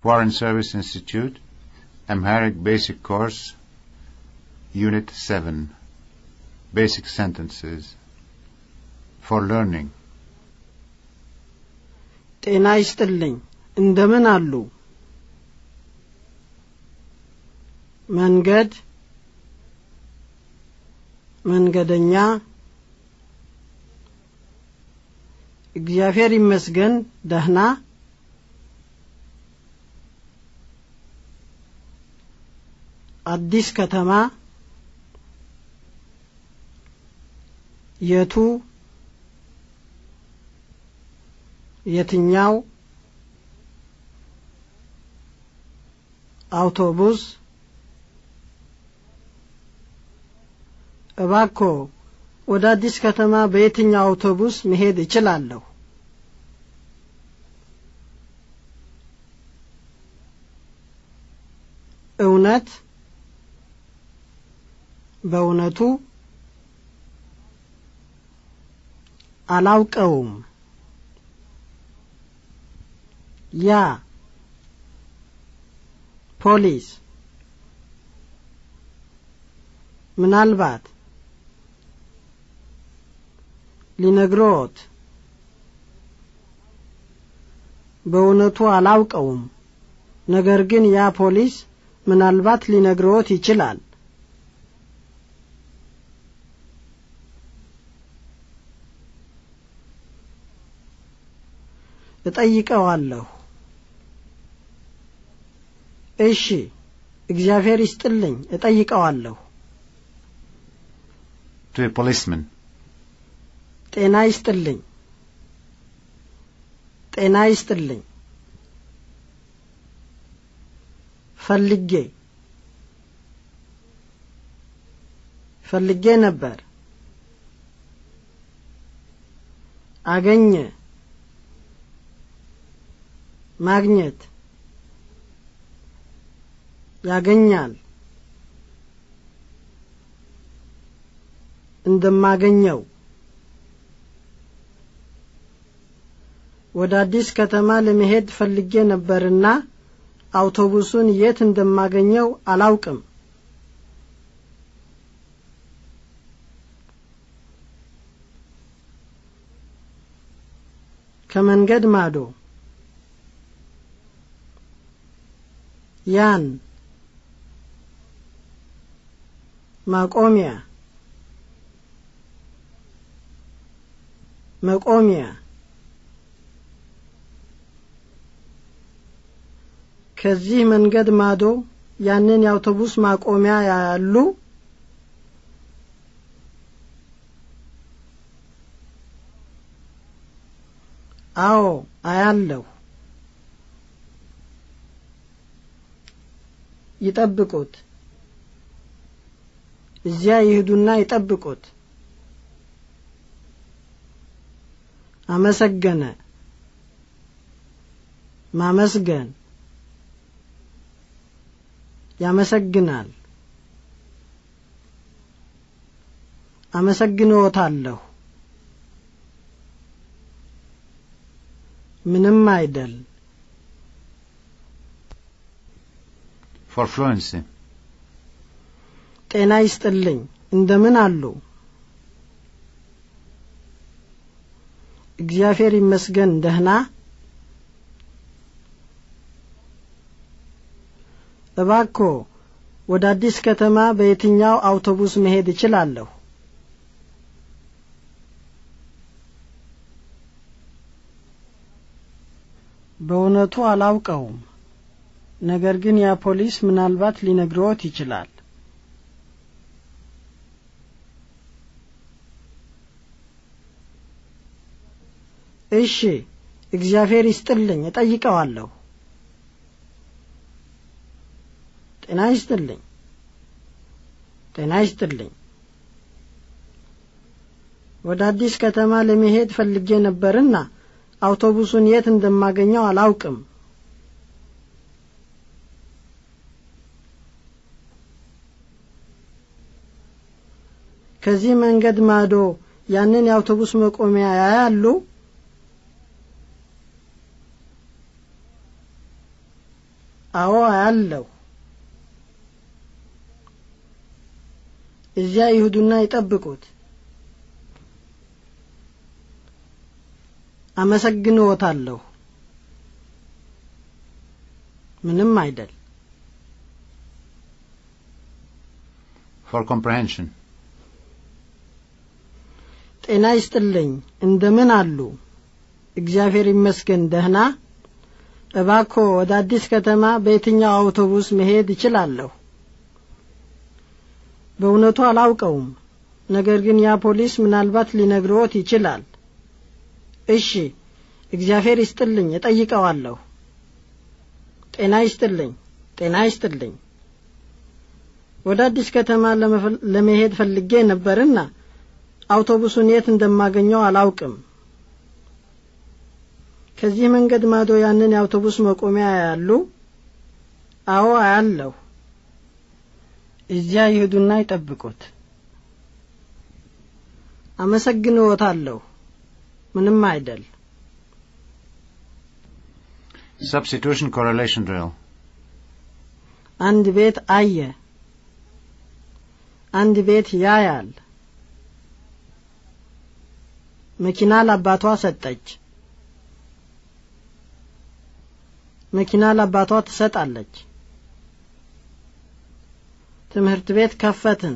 Foreign Service Institute, Amharic Basic Course, Unit 7, Basic Sentences, for Learning. ጤና ይስጥልኝ እንደምን አሉ መንገድ መንገደኛ እግዚአብሔር ይመስገን ደህና አዲስ ከተማ የቱ የትኛው አውቶቡስ እባኮ ወደ አዲስ ከተማ በየትኛው አውቶቡስ መሄድ እችላለሁ? እውነት በእውነቱ አላውቀውም። ያ ፖሊስ ምናልባት ሊነግሮት በእውነቱ አላውቀውም። ነገር ግን ያ ፖሊስ ምናልባት ሊነግሮት ይችላል። እጠይቀዋለሁ። እሺ፣ እግዚአብሔር ይስጥልኝ፣ እጠይቀዋለሁ። ቱ ፖሊስመን ጤና ይስጥልኝ፣ ጤና ይስጥልኝ። ፈልጌ ፈልጌ ነበር። አገኘ ማግኘት ያገኛል እንደማገኘው ወደ አዲስ ከተማ ለመሄድ ፈልጌ ነበርና አውቶቡሱን የት እንደማገኘው አላውቅም ከመንገድ ማዶ ያን ማቆሚያ መቆሚያ ከዚህ መንገድ ማዶ ያንን የአውቶቡስ ማቆሚያ ያሉ አዎ አያለሁ ይጠብቁት እዚያ ይህዱና ይጠብቁት አመሰገነ ማመስገን ያመሰግናል አመሰግንዎታለሁ ምንም አይደል ፎር ፍሉዌንሲ ጤና ይስጥልኝ እንደምን አሉ እግዚአብሔር ይመስገን ደህና እባክዎ ወደ አዲስ ከተማ በየትኛው አውቶቡስ መሄድ እችላለሁ? በእውነቱ አላውቀውም። ነገር ግን ያ ፖሊስ ምናልባት ሊነግረዎት ይችላል። እሺ፣ እግዚአብሔር ይስጥልኝ፣ እጠይቀዋለሁ። ጤና ይስጥልኝ፣ ጤና ይስጥልኝ። ወደ አዲስ ከተማ ለመሄድ ፈልጌ ነበርና አውቶቡሱን የት እንደማገኘው አላውቅም። ከዚህ መንገድ ማዶ ያንን የአውቶቡስ መቆሚያ ያያሉ አዎ አያለው እዚያ ይሁዱና ይጠብቁት አመሰግንዎታለሁ ምንም አይደል ፎር ኮምፕሬንሽን ጤና ይስጥልኝ፣ እንደምን አሉ? እግዚአብሔር ይመስገን ደህና። እባኮ ወደ አዲስ ከተማ በየትኛው አውቶቡስ መሄድ እችላለሁ? በእውነቱ አላውቀውም፣ ነገር ግን ያ ፖሊስ ምናልባት ሊነግሮት ይችላል። እሺ፣ እግዚአብሔር ይስጥልኝ፣ እጠይቀዋለሁ። ጤና ይስጥልኝ፣ ጤና ይስጥልኝ። ወደ አዲስ ከተማ ለመሄድ ፈልጌ ነበርና አውቶቡሱን የት እንደማገኘው አላውቅም። ከዚህ መንገድ ማዶ ያንን የአውቶቡስ መቆሚያ ያሉ? አዎ አያለሁ። እዚያ ይሄዱና ይጠብቁት። አመሰግንዎታለሁ። ምንም አይደል። Substitution correlation drill. አንድ ቤት አየ። አንድ ቤት ያያል። መኪና ለአባቷ ሰጠች። መኪና ለአባቷ ትሰጣለች። ትምህርት ቤት ከፈትን።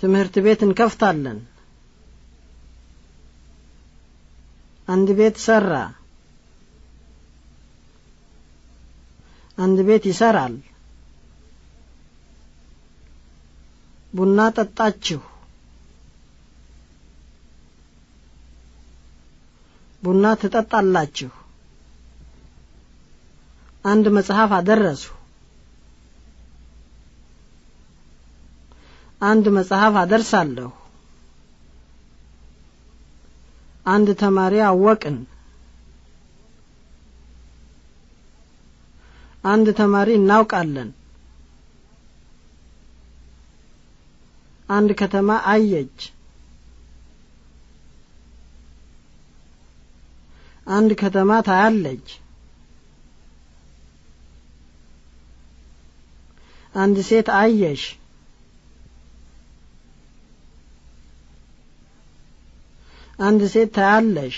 ትምህርት ቤት እንከፍታለን። አንድ ቤት ሰራ። አንድ ቤት ይሰራል። ቡና ጠጣችሁ፣ ቡና ትጠጣላችሁ። አንድ መጽሐፍ አደረሱ፣ አንድ መጽሐፍ አደርሳለሁ። አንድ ተማሪ አወቅን፣ አንድ ተማሪ እናውቃለን። አንድ ከተማ አየች። አንድ ከተማ ታያለች። አንድ ሴት አየሽ። አንድ ሴት ታያለሽ።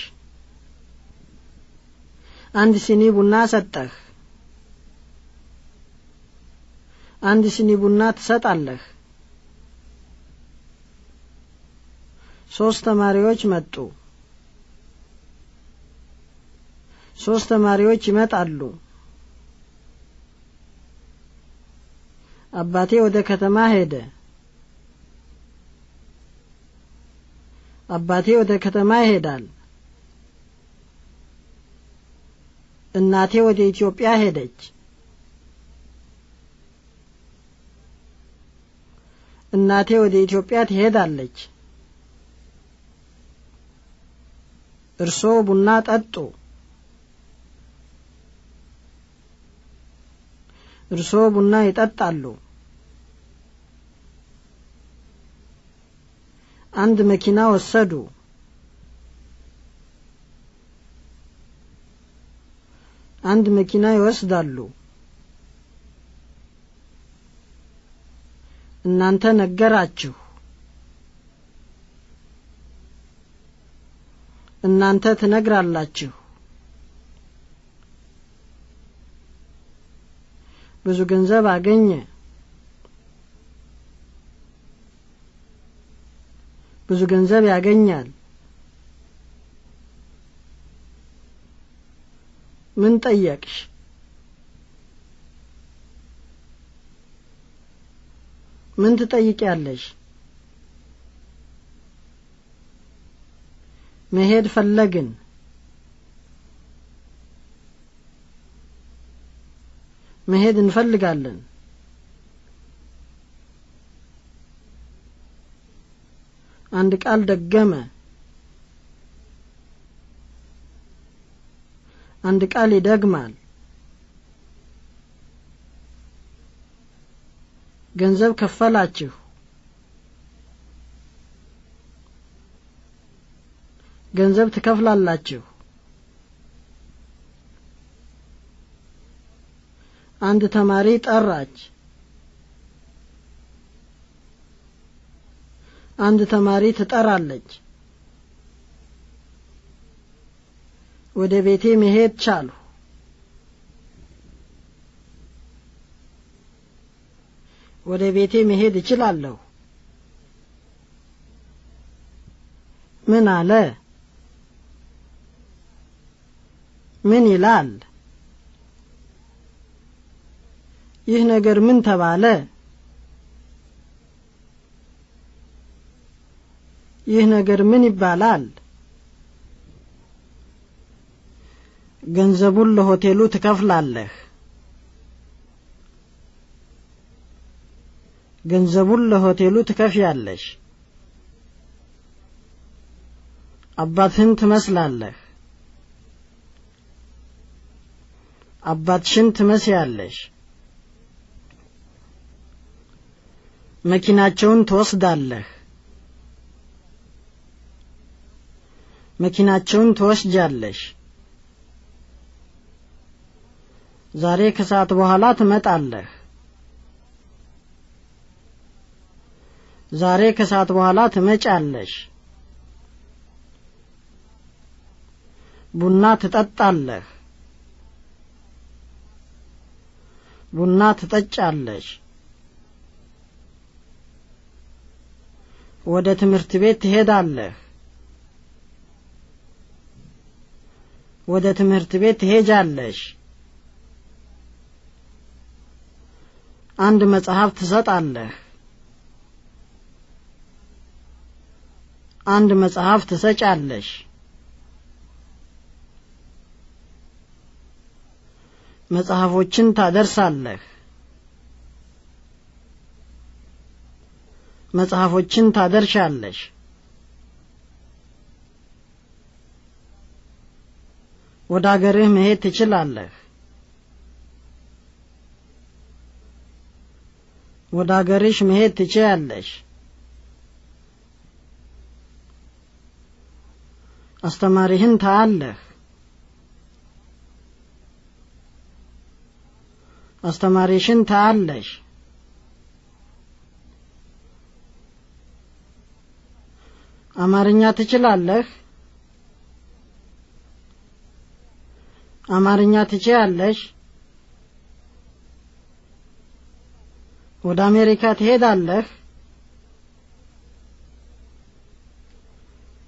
አንድ ሲኒ ቡና ሰጠህ። አንድ ሲኒ ቡና ትሰጣለህ። ሶስት ተማሪዎች መጡ። ሶስት ተማሪዎች ይመጣሉ። አባቴ ወደ ከተማ ሄደ። አባቴ ወደ ከተማ ይሄዳል። እናቴ ወደ ኢትዮጵያ ሄደች። እናቴ ወደ ኢትዮጵያ ትሄዳለች። እርሶ ቡና ጠጡ እርሶ ቡና ይጠጣሉ አንድ መኪና ወሰዱ አንድ መኪና ይወስዳሉ እናንተ ነገራችሁ እናንተ ትነግራላችሁ። ብዙ ገንዘብ አገኘ። ብዙ ገንዘብ ያገኛል። ምን ጠየቅሽ? ምን ትጠይቂያለሽ? መሄድ ፈለግን። መሄድ እንፈልጋለን። አንድ ቃል ደገመ። አንድ ቃል ይደግማል። ገንዘብ ከፈላችሁ። ገንዘብ ትከፍላላችሁ። አንድ ተማሪ ጠራች። አንድ ተማሪ ትጠራለች። ወደ ቤቴ መሄድ ቻሉ። ወደ ቤቴ መሄድ እችላለሁ። ምን አለ? ምን ይላል? ይህ ነገር ምን ተባለ? ይህ ነገር ምን ይባላል? ገንዘቡን ለሆቴሉ ትከፍላለህ። ገንዘቡን ለሆቴሉ ትከፍያለሽ። አባትህን ትመስላለህ። አባትሽን ትመስያለሽ። መኪናቸውን ትወስዳለህ። መኪናቸውን ትወስጃለሽ። ዛሬ ከሰዓት በኋላ ትመጣለህ። ዛሬ ከሰዓት በኋላ ትመጫለሽ። ቡና ትጠጣለህ። ቡና ትጠጫለሽ። ወደ ትምህርት ቤት ትሄዳለህ። ወደ ትምህርት ቤት ትሄጃለሽ። አንድ መጽሐፍ ትሰጣለህ። አንድ መጽሐፍ ትሰጫለሽ። መጽሐፎችን ታደርሳለህ መጽሐፎችን ታደርሻለሽ ወደ አገርህ መሄድ ትችላለህ ወደ አገርሽ መሄድ ትችያለሽ አስተማሪህን ታያለህ አስተማሪሽን ታያለሽ። አማርኛ ትችላለህ? አማርኛ ትችያለሽ? ወደ አሜሪካ ትሄዳለህ?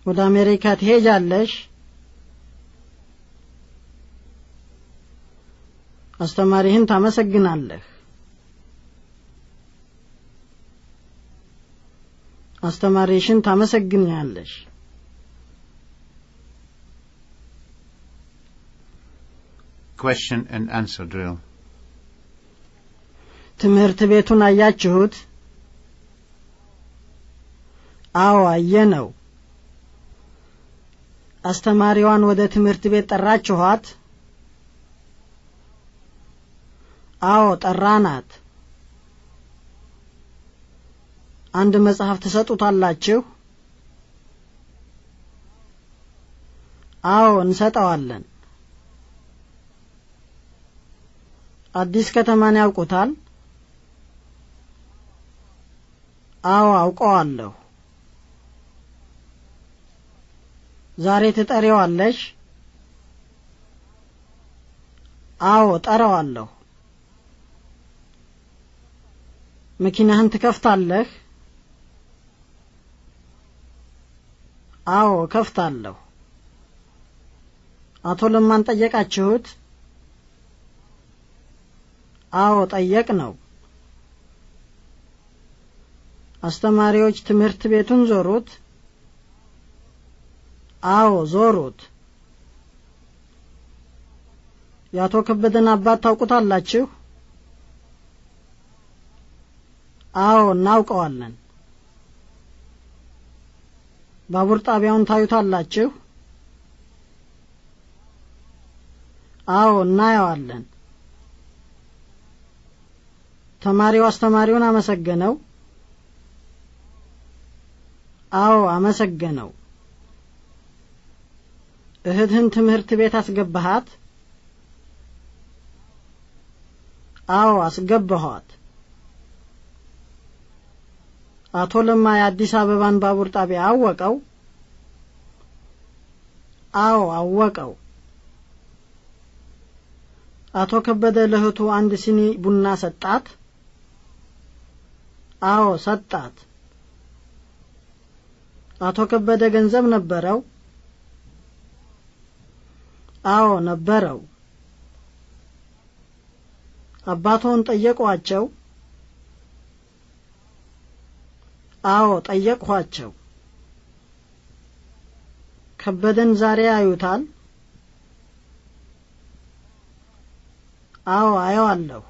ወደ አሜሪካ ትሄጃለሽ? አስተማሪህን ታመሰግናለህ አስተማሪሽን ታመሰግኛለሽ question and answer drill ትምህርት ቤቱን አያችሁት አዎ አየ ነው አስተማሪዋን ወደ ትምህርት ቤት ጠራችኋት አዎ ጠራናት። አንድ መጽሐፍ ትሰጡታላችሁ? አዎ እንሰጠዋለን። አዲስ ከተማን ያውቁታል? አዎ አውቀዋለሁ። ዛሬ ትጠሪዋለሽ? አዎ ጠራዋለሁ። መኪናህን ትከፍታለህ? አዎ ከፍታለሁ። አቶ ለማን ጠየቃችሁት? አዎ ጠየቅ ነው። አስተማሪዎች ትምህርት ቤቱን ዞሩት? አዎ ዞሩት። የአቶ ከበደን አባት ታውቁታላችሁ? አዎ እናውቀዋለን። ባቡር ጣቢያውን ታዩታላችሁ? አዎ እናየዋለን። ተማሪው አስተማሪውን አመሰገነው? አዎ አመሰገነው። እህትህን ትምህርት ቤት አስገባሃት? አዎ አስገባኋት። አቶ ለማ የአዲስ አበባን ባቡር ጣቢያ አወቀው? አዎ አወቀው። አቶ ከበደ ለእህቱ አንድ ሲኒ ቡና ሰጣት? አዎ ሰጣት። አቶ ከበደ ገንዘብ ነበረው? አዎ ነበረው። አባቶን ጠየቋቸው? አዎ ጠየቅኋቸው። ከበደን ዛሬ ያዩታል? አዎ አየዋለሁ።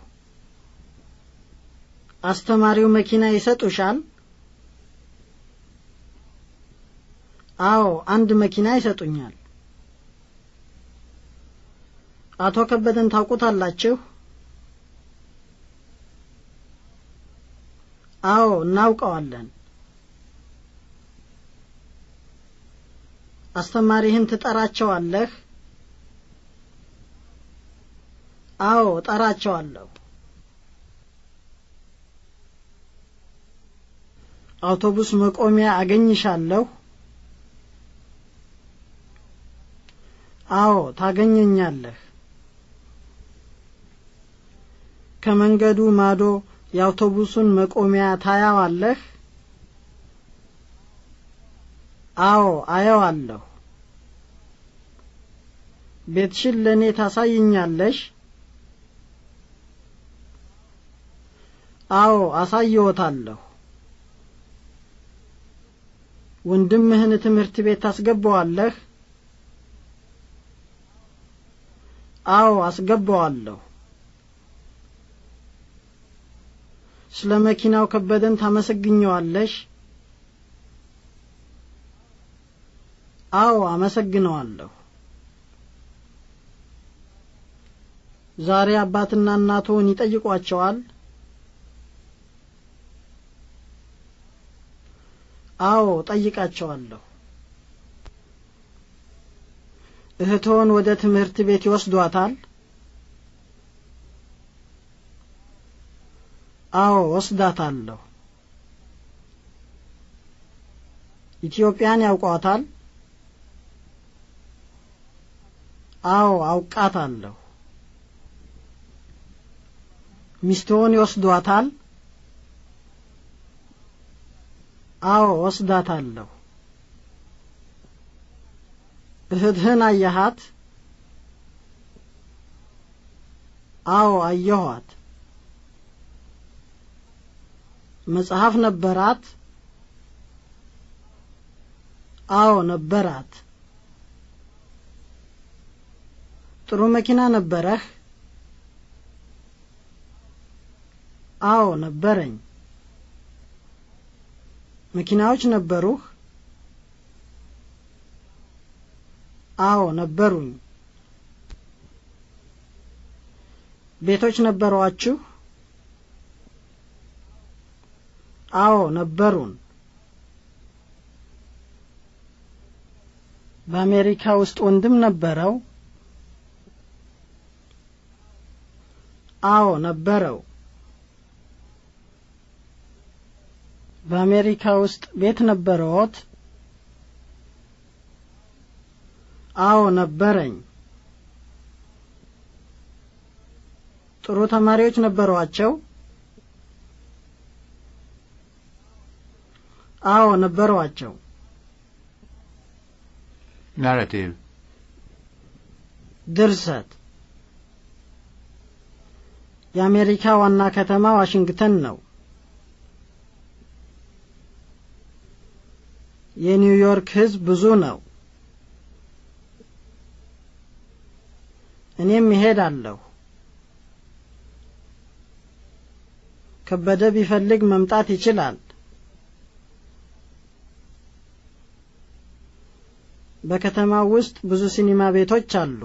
አስተማሪው መኪና ይሰጡሻል? አዎ አንድ መኪና ይሰጡኛል። አቶ ከበደን ታውቁታላችሁ? አዎ እናውቀዋለን። አስተማሪህን ትጠራቸዋለህ? አዎ ጠራቸዋለሁ። አውቶቡስ መቆሚያ አገኝሻለሁ? አዎ ታገኘኛለህ። ከመንገዱ ማዶ የአውቶቡሱን መቆሚያ ታያዋለህ? አዎ አየዋለሁ። ቤትሽን ለእኔ ታሳይኛለሽ? አዎ አሳየዎታለሁ። ወንድምህን ትምህርት ቤት ታስገባዋለህ? አዎ አስገባዋለሁ። ስለ መኪናው ከበደን ታመሰግኘዋለሽ? አዎ አመሰግነዋለሁ። ዛሬ አባትና እናቶን ይጠይቋቸዋል? አዎ ጠይቃቸዋለሁ። እህቶን ወደ ትምህርት ቤት ይወስዷታል? አዎ ወስዳታለሁ። ኢትዮጵያን ያውቋታል? አዎ አውቃታለሁ። ሚስትዎን ይወስዷታል? አዎ ወስዳታለሁ። እህትህን አየሃት? አዎ አየኋት። መጽሐፍ ነበራት? አዎ ነበራት። ጥሩ መኪና ነበረህ? አዎ ነበረኝ። መኪናዎች ነበሩህ? አዎ ነበሩኝ። ቤቶች ነበሯችሁ? አዎ ነበሩን። በአሜሪካ ውስጥ ወንድም ነበረው? አዎ ነበረው። በአሜሪካ ውስጥ ቤት ነበረዎት? አዎ ነበረኝ። ጥሩ ተማሪዎች ነበሯቸው? አዎ ነበሯቸው። ናራቲቭ ድርሰት የአሜሪካ ዋና ከተማ ዋሽንግተን ነው። የኒውዮርክ ሕዝብ ብዙ ነው። እኔም እሄዳለሁ። ከበደ ቢፈልግ መምጣት ይችላል። በከተማው ውስጥ ብዙ ሲኒማ ቤቶች አሉ።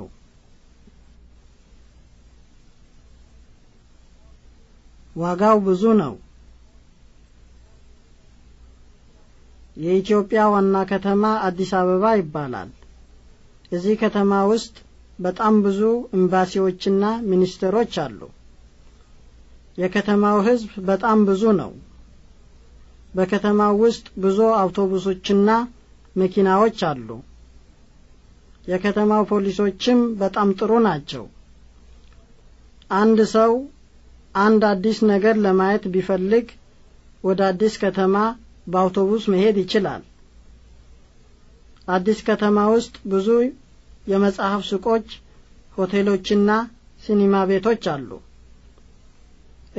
ዋጋው ብዙ ነው። የኢትዮጵያ ዋና ከተማ አዲስ አበባ ይባላል። እዚህ ከተማ ውስጥ በጣም ብዙ ኤምባሲዎችና ሚኒስቴሮች አሉ። የከተማው ሕዝብ በጣም ብዙ ነው። በከተማው ውስጥ ብዙ አውቶቡሶችና መኪናዎች አሉ። የከተማው ፖሊሶችም በጣም ጥሩ ናቸው። አንድ ሰው አንድ አዲስ ነገር ለማየት ቢፈልግ ወደ አዲስ ከተማ በአውቶቡስ መሄድ ይችላል። አዲስ ከተማ ውስጥ ብዙ የመጽሐፍ ሱቆች፣ ሆቴሎችና ሲኒማ ቤቶች አሉ።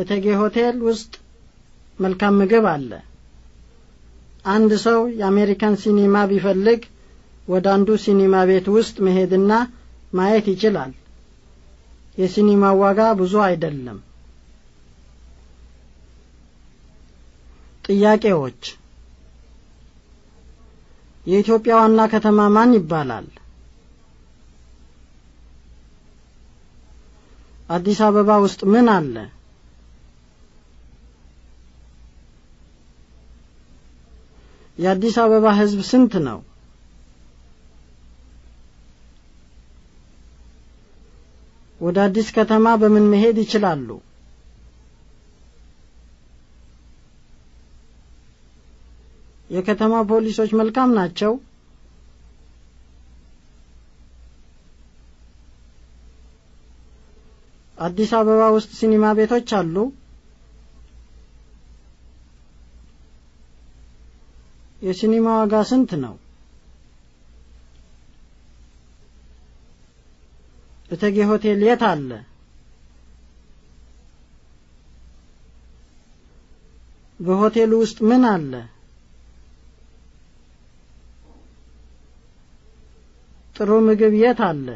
እቴጌ ሆቴል ውስጥ መልካም ምግብ አለ። አንድ ሰው የአሜሪካን ሲኒማ ቢፈልግ ወደ አንዱ ሲኒማ ቤት ውስጥ መሄድና ማየት ይችላል። የሲኒማ ዋጋ ብዙ አይደለም። ጥያቄዎች የኢትዮጵያ ዋና ከተማ ማን ይባላል? አዲስ አበባ ውስጥ ምን አለ? የአዲስ አበባ ሕዝብ ስንት ነው? ወደ አዲስ ከተማ በምን መሄድ ይችላሉ? የከተማ ፖሊሶች መልካም ናቸው? አዲስ አበባ ውስጥ ሲኒማ ቤቶች አሉ? የሲኒማ ዋጋ ስንት ነው? እቴጌ ሆቴል የት አለ? በሆቴሉ ውስጥ ምን አለ? ጥሩ ምግብ የት አለ?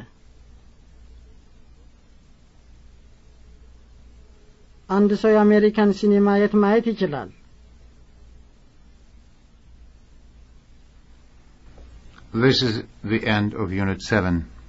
አንድ ሰው የአሜሪካን ሲኔማ የት ማየት ይችላል? This is the end of Unit 7.